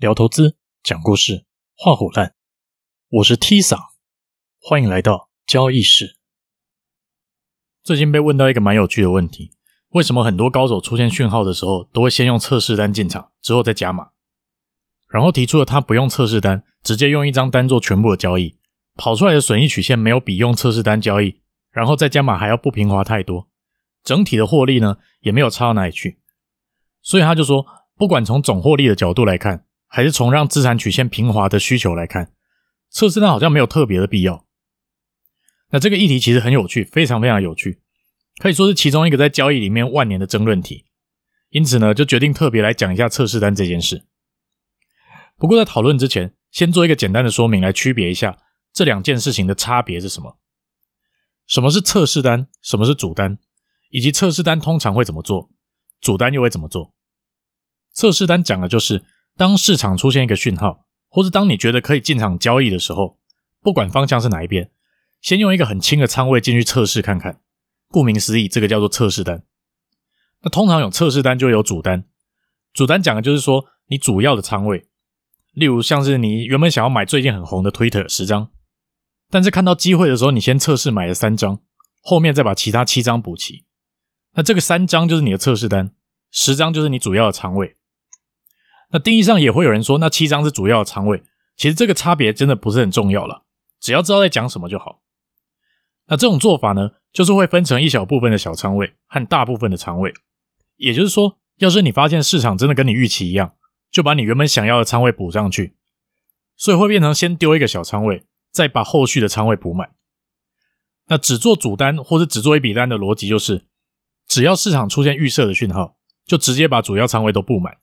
聊投資，講故事，畫虎爛。我是 T 哥，歡迎來到交易室。最近被問到一個蠻有趣的問題：為什麼很多高手出現訊號的時候，都會先用測試單進場，之後再加碼？然後提出了他不用測試單，直接用一張單做全部的交易，跑出來的損益曲線沒有比用測試單交易，然後再加碼還要不平滑太多，整體的獲利呢，也沒有差到哪裡去。所以他就說，不管從總獲利的角度來看，還是從讓資產曲線平滑的需求來看，測試單好像沒有特別的必要。那這個議題其實很有趣，非常非常有趣，可以說是其中一個在交易裡面萬年的爭論題。因此呢，就決定特別來講一下測試單這件事。不過在討論之前，先做一個簡單的說明，來區別一下這兩件事情的差別是什麼。什麼是測試單，什麼是主單，以及測試單通常會怎麼做，主單又會怎麼做。測試單講的就是。當市場出現一個訊號，或是當你覺得可以進場交易的時候，不管方向是哪一邊，先用一個很輕的倉位進去測試看看。顧名思義，這個叫做測試單。那通常有測試單，就有主單。主單講的就是說你主要的倉位。例如像是你原本想要買最近很紅的 Twitter 十張，但是看到機會的時候，你先測試買了三張，後面再把其他七張補齊。那這個三張就是你的測試單，十張就是你主要的倉位。那定義上也會有人說，那七張是主要的倉位，其實這個差別真的不是很重要了，只要知道在講什麼就好。那這種做法呢，就是會分成一小部分的小倉位和大部分的倉位，也就是說，要是你發現市場真的跟你預期一樣，就把你原本想要的倉位補上去，所以會變成先丟一個小倉位，再把後續的倉位補滿。那只做主單或者只做一筆單的邏輯就是，只要市場出現預設的訊號，就直接把主要倉位都布滿。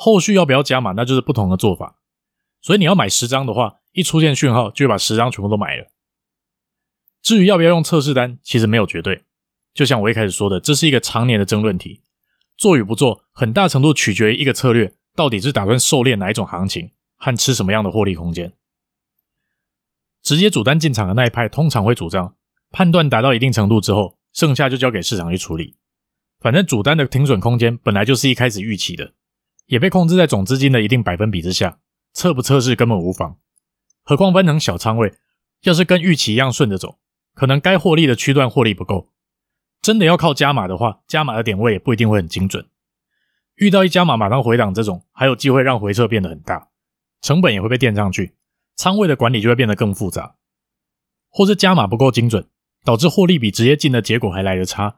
後續要不要加碼，那就是不同的做法。所以你要買十張的話，一出現訊號就會把十張全部都買了。至於要不要用測試單，其實沒有絕對。就像我一開始說的，這是一個常年的爭論題，做與不做，很大程度取決於一個策略到底是打算狩獵哪一種行情和吃什麼樣的獲利空間。直接主單進場的那一派通常會主張，判斷達到一定程度之後，剩下就交給市場去處理。反正主單的停損空間本來就是一開始預期的。也被控制在總資金的一定百分比之下，測不測試根本無妨。何況分成小倉位，要是跟預期一樣順着走，可能該獲利的區段獲利不夠。真的要靠加碼的話，加碼的點位也不一定會很精準。遇到一加碼馬上回檔這種，還有機會讓回撤變得很大，成本也會被墊上去，倉位的管理就會變得更複雜。或是加碼不夠精準，導致獲利比直接進的結果還來得差，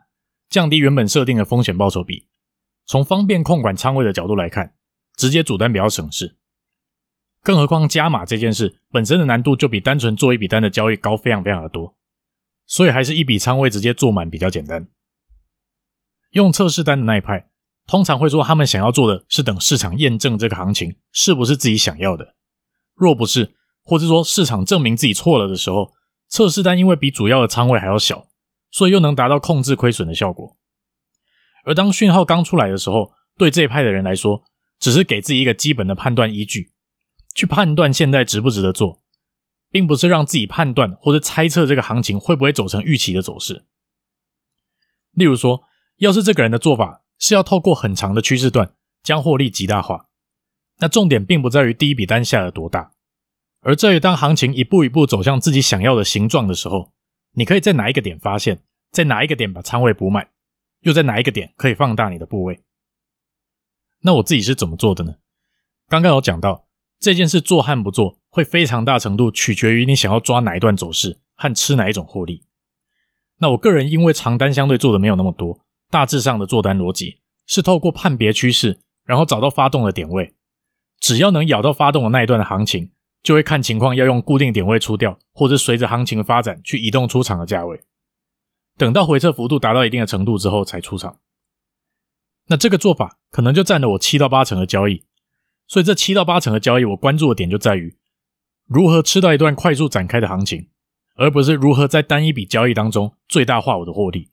降低原本設定的風險報酬比。從方便控管倉位的角度來看，直接主單比較省事。更何況加碼這件事本身的難度就比單純做一筆單的交易高非常非常的多，所以還是一筆倉位直接做滿比較簡單。用測試單的那一派，通常會說他們想要做的是等市場驗證這個行情是不是自己想要的。若不是，或是說市場證明自己錯了的時候，測試單因為比主要的倉位還要小，所以又能達到控制虧損的效果。而當訊號剛出來的時候，對這一派的人來說，只是給自己一個基本的判斷依據，去判斷現在值不值得做，並不是讓自己判斷或者猜測這個行情會不會走成預期的走勢。例如說，要是這個人的做法是要透過很長的趨勢段將獲利極大化，那重點並不在於第一筆單下了多大，而在於當行情一步一步走向自己想要的形狀的時候，你可以在哪一個點發現，在哪一個點把倉位補滿。又在哪一個點可以放大你的部位？那我自己是怎麼做的呢？剛剛有講到，這件事做和不做，會非常大程度取決於你想要抓哪一段走勢和吃哪一種獲利。那我個人因為長單相對做的沒有那麼多，大致上的做單邏輯是透過判別趨勢，然後找到發動的點位，只要能咬到發動的那一段的行情，就會看情況要用固定點位出掉，或者是隨着行情的發展去移動出場的價位。等到回撤幅度達到一定的程度之後才出場，那這個做法可能就佔了我七到八成的交易。所以這七到八成的交易，我關注的點就在於如何吃到一段快速展開的行情，而不是如何在單一筆交易當中最大化我的獲利。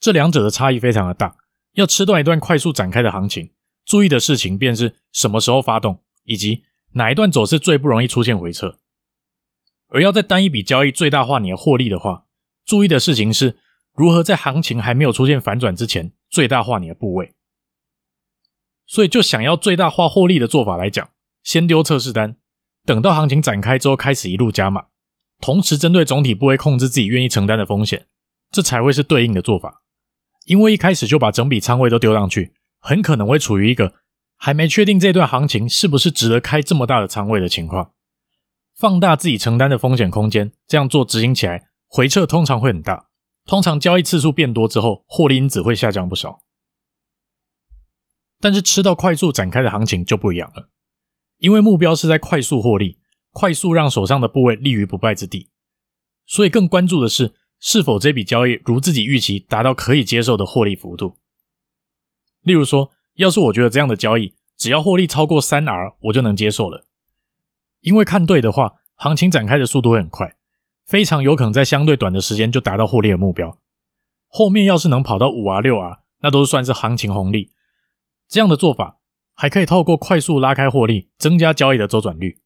這兩者的差異非常的大。要吃斷一段快速展開的行情，注意的事情便是什麼時候發動，以及哪一段走勢最不容易出現回撤。而要在單一筆交易最大化你的獲利的話，注意的事情是，如何在行情還沒有出現反轉之前最大化你的部位。所以，就想要最大化獲利的做法來講，先丟測試單，等到行情展開之後開始一路加碼，同時針對總體部位控制自己願意承擔的風險，這才會是對應的做法。因為一開始就把整筆倉位都丟上去，很可能會處於一個還沒確定這段行情是不是值得開這麼大的倉位的情況，放大自己承擔的風險空間。這樣做執行起來。回撤通常會很大，通常交易次數變多之後，獲利因子會下降不少。但是吃到快速展開的行情就不一樣了，因為目標是在快速獲利，快速讓手上的部位立於不敗之地，所以更關注的是是否這筆交易如自己預期達到可以接受的獲利幅度。例如說，要是我覺得這樣的交易只要獲利超過三 R，我就能接受了，因為看對的話，行情展開的速度會很快。非常有可能在相對短的時間就達到獲利的目標，後面要是能跑到五 R 六 R，那都是算是行情紅利。這樣的做法還可以透過快速拉開獲利，增加交易的周轉率，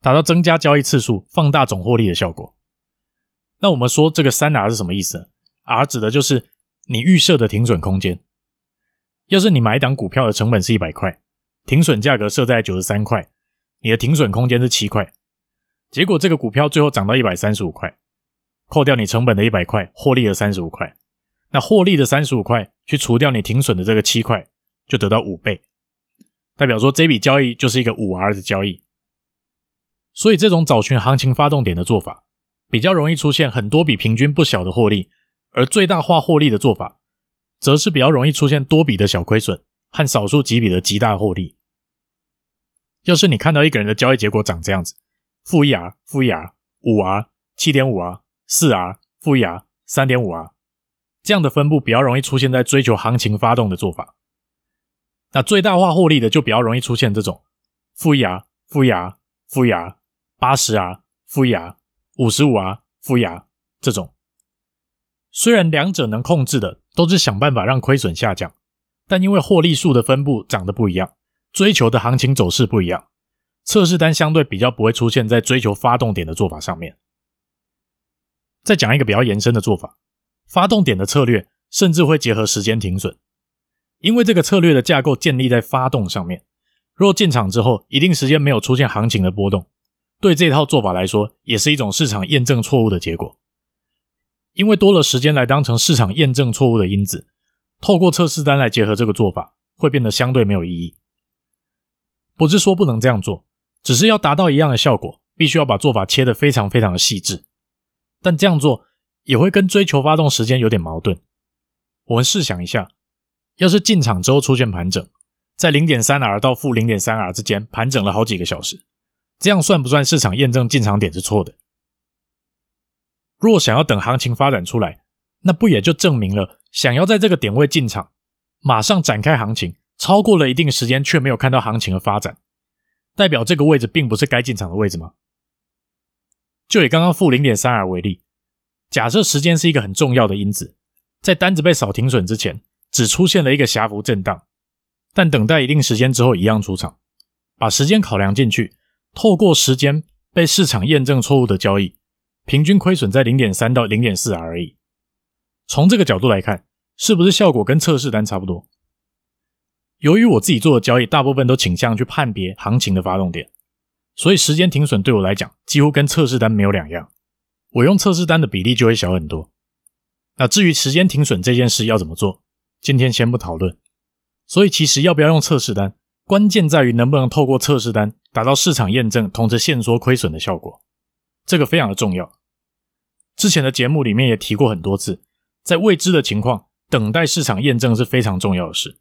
達到增加交易次數、放大總獲利的效果。那我們說這個三 R 是什麼意思呢？R 指的就是你預設的停損空間。要是你買一檔股票的成本是一百塊，停損價格設在九十三塊，你的停損空間是七塊。結果這個股票最後漲到一百三十五塊，扣掉你成本的一百塊，獲利了三十五塊。那獲利的三十五塊去除掉你停損的這個七塊，就得到五倍，代表說這筆交易就是一個五 R 的交易。所以這種找尋行情發動點的做法，比較容易出現很多筆平均不小的獲利；而最大化獲利的做法，則是比較容易出現多筆的小虧損和少數幾筆的極大的獲利。要是你看到一個人的交易結果長這樣子。負一啊，負一啊，五啊，七點五啊，四啊，負一啊，三點五啊，這樣的分佈比較容易出現在追求行情發動的做法。那最大化獲利的就比較容易出現這種負一啊，負一啊，負一啊，八十啊，負一啊，五十五啊，負一啊這種。雖然兩者能控制的都是想辦法讓虧損下降，但因為獲利數的分佈長得不一樣，追求的行情走勢不一樣。測試單相對比較不會出現在追求發動點的做法上面。再講一個比較延伸的做法，發動點的策略甚至會結合時間停損，因為這個策略的架構建立在發動上面，若進場之後一定時間沒有出現行情的波動，對這套做法來說也是一種市場驗證錯誤的結果。因為多了時間來當成市場驗證錯誤的因子，透過測試單來結合這個做法會變得相對沒有意義。不是說不能這樣做。只是要達到一樣的效果，必須要把做法切得非常非常的細緻，但這樣做也會跟追求發動時間有點矛盾。我們試想一下，要是進場之後出現盤整，在零點三 R 到負零點三 R 之間盤整了好幾個小時，這樣算不算市場驗證進場點是錯的？若想要等行情發展出來，那不也就證明了想要在這個點位進場，馬上展開行情，超過了一定時間卻沒有看到行情的發展。代表這個位置並不是該進場的位置嗎？就以剛剛負零點三 R 為例，假設時間是一個很重要的因子，在單子被掃停損之前，只出現了一個狹幅震盪，但等待一定時間之後一樣出場，把時間考量進去，透過時間被市場驗證錯誤的交易，平均虧損在零點三到零點四 R 而已。從這個角度來看，是不是效果跟測試單差不多？由於我自己做的交易大部分都傾向去判別行情的發動點，所以時間停損對我來講幾乎跟測試單沒有兩樣。我用測試單的比例就會小很多。那至於時間停損這件事要怎麼做，今天先不討論。所以其實要不要用測試單，關鍵在於能不能透過測試單達到市場驗證，同時限縮虧損的效果，這個非常的重要。之前的節目裡面也提過很多次，在未知的情況等待市場驗證是非常重要的事。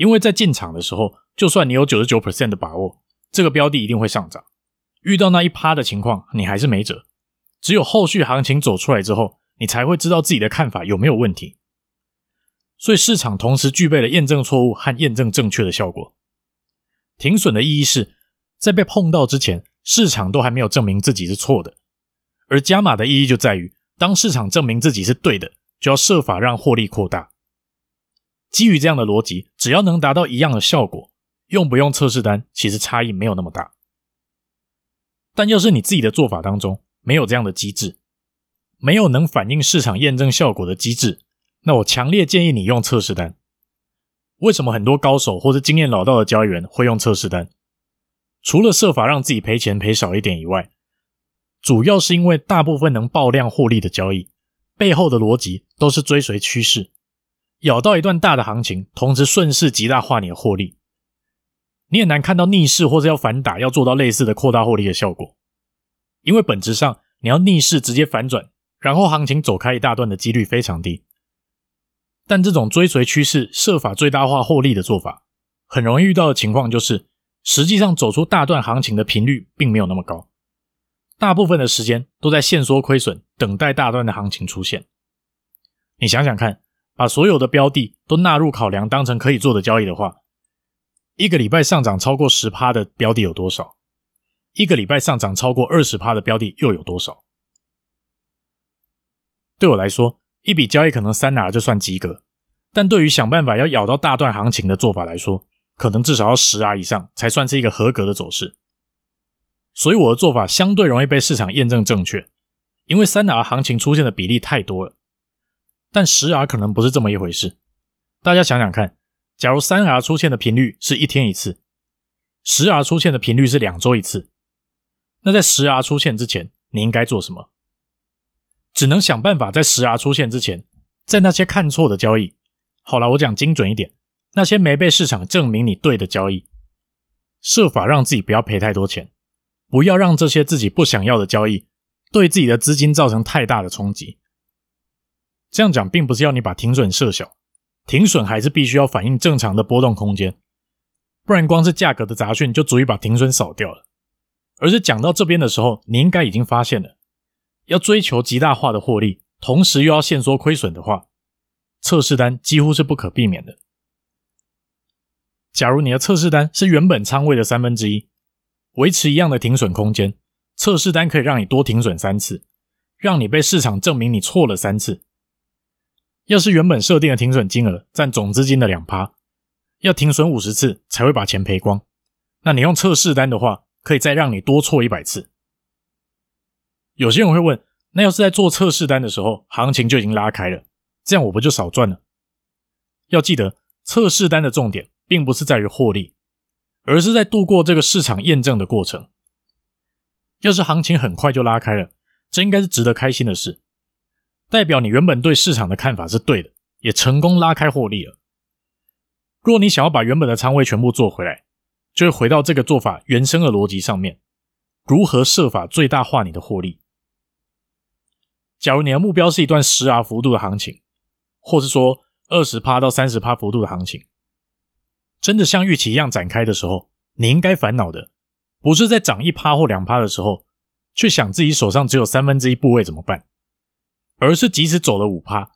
因為在進場的時候，就算你有九十九 percent 的把握，這個標的一定會上漲。遇到那一趴的情況，你還是沒轍。只有後續行情走出來之後，你才會知道自己的看法有沒有問題。所以市場同時具備了驗證錯誤和驗證正確的效果。停損的意義是，在被碰到之前，市場都還沒有證明自己是錯的。而加碼的意義就在於，當市場證明自己是對的，就要設法讓獲利擴大。基於這樣的邏輯，只要能達到一樣的效果，用不用測試單，其實差異沒有那麼大。但要是你自己的做法當中沒有這樣的機制，沒有能反映市場驗證效果的機制，那我強烈建議你用測試單。為什麼很多高手或是經驗老道的交易員會用測試單？除了設法讓自己賠錢賠少一點以外，主要是因為大部分能爆量獲利的交易背後的邏輯都是追隨趨勢。咬到一段大的行情，同時順勢極大化你的獲利，你很難看到逆勢或者要反打，要做到類似的擴大獲利的效果，因為本質上你要逆勢直接反轉，然後行情走開一大段的幾率非常低。但這種追隨趨勢，設法最大化獲利的做法，很容易遇到的情況就是，實際上走出大段行情的頻率並沒有那麼高，大部分的時間都在限縮虧損，等待大段的行情出現。你想想看。把所有的標的都納入考量，當成可以做的交易的話，一個禮拜上漲超過十趴的標的有多少？一個禮拜上漲超過二十趴的標的又有多少？對我來說，一筆交易可能 3R 就算及格，但對於想辦法要咬到大段行情的做法來說，可能至少要 10R 以上才算是一個合格的走勢。所以我的做法相對容易被市場驗證正確，因為 3R 行情出現的比例太多了。但 10R 可能不是這麼一回事，大家想想看，假如三 R 出現的頻率是一天一次，10R 出現的頻率是兩周一次，那在 10R 出現之前，你應該做什麼？只能想辦法在 10R 出現之前，在那些看錯的交易，好了，我講精準一點，那些沒被市場證明你對的交易，設法讓自己不要賠太多錢，不要讓這些自己不想要的交易對自己的資金造成太大的衝擊。這樣講，並不是要你把停損設小，停損還是必須要反映正常的波動空間，不然光是價格的雜訊就足以把停損掃掉了。而是講到這邊的時候，你應該已經發現了，要追求極大化的獲利，同時又要限縮虧損的話，測試單幾乎是不可避免的。假如你的測試單是原本倉位的三分之一，維持一樣的停損空間，測試單可以讓你多停損三次，讓你被市場證明你錯了三次。要是原本設定的停損金額占總資金的兩趴，要停損五十次才會把錢賠光。那你用測試單的話，可以再讓你多錯一百次。有些人會問，那要是在做測試單的時候，行情就已經拉開了，這樣我不就少賺了？要記得，測試單的重點並不是在於獲利，而是在度過這個市場驗證的過程。要是行情很快就拉開了，這應該是值得開心的事。代表你原本對市場的看法是對的，也成功拉開獲利了。如果你想要把原本的倉位全部做回來，就會回到這個做法原生的邏輯上面，如何設法最大化你的獲利？假如你的目標是一段十 R 幅度的行情，或是說二十趴到三十趴幅度的行情，真的像預期一樣展開的時候，你應該煩惱的不是在漲一趴或兩趴的時候，卻想自己手上只有三分之一部位怎麼辦？而是即使走了五趴，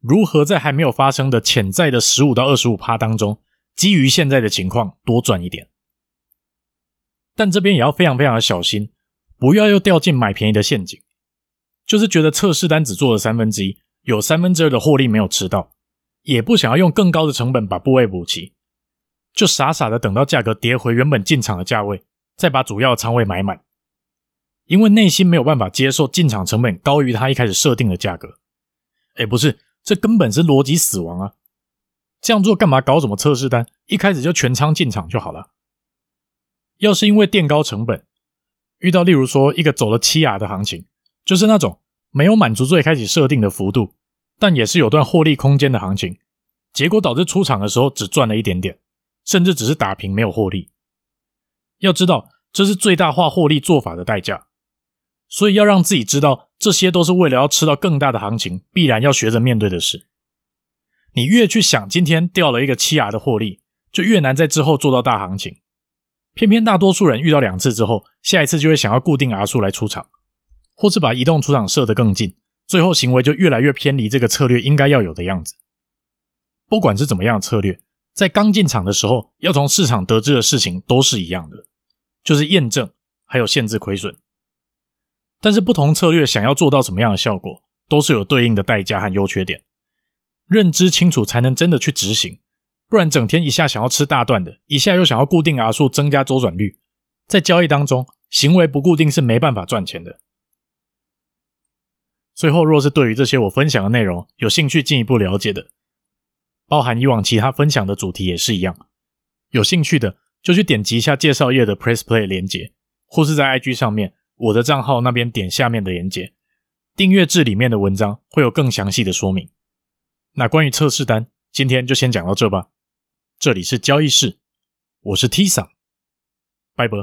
如何在還沒有發生的潛在的十五到二十五趴當中，基於現在的情況多賺一點。但這邊也要非常非常的小心，不要又掉進買便宜的陷阱，就是覺得測試單只做了三分之一，有三分之二的獲利沒有吃到，也不想要用更高的成本把部位補齊，就傻傻的等到價格跌回原本進場的價位，再把主要倉位買滿。因為內心沒有辦法接受進場成本高於他一開始設定的價格，哎，不是，這根本是邏輯死亡啊！這樣做幹嘛搞什麼測試單？一開始就全倉進場就好了。要是因為墊高成本，遇到例如說一個走了 7R 的行情，就是那種沒有滿足最開始設定的幅度，但也是有段獲利空間的行情，結果導致出場的時候只賺了一點點，甚至只是打平沒有獲利。要知道，這是最大化獲利做法的代價。所以要讓自己知道，這些都是為了要吃到更大的行情，必然要學着面對的事。你越去想今天掉了一個 7R 的獲利，就越難在之後做到大行情。偏偏大多數人遇到兩次之後，下一次就會想要固定 R 數來出場，或是把移動出場設得更近，最後行為就越來越偏離這個策略應該要有的樣子。不管是怎麼樣的策略，在剛進場的時候，要從市場得知的事情都是一樣的，就是驗證還有限制虧損。但是不同策略想要做到什麼樣的效果，都是有對應的代價和優缺點，認知清楚才能真的去執行，不然整天一下想要吃大段的，一下又想要固定 R 數增加周轉率，在交易當中行為不固定是沒辦法賺錢的。最後，若是對於這些我分享的內容有興趣進一步了解的，包含以往其他分享的主題也是一樣，有興趣的就去點擊一下介紹頁的 Press Play 連接，或是在 IG 上面。我的賬號那邊點下面的連接，訂閱制裡面的文章會有更詳細的說明。那關於測試單，今天就先講到這吧。這裡是交易事，我是 Tisa，拜拜。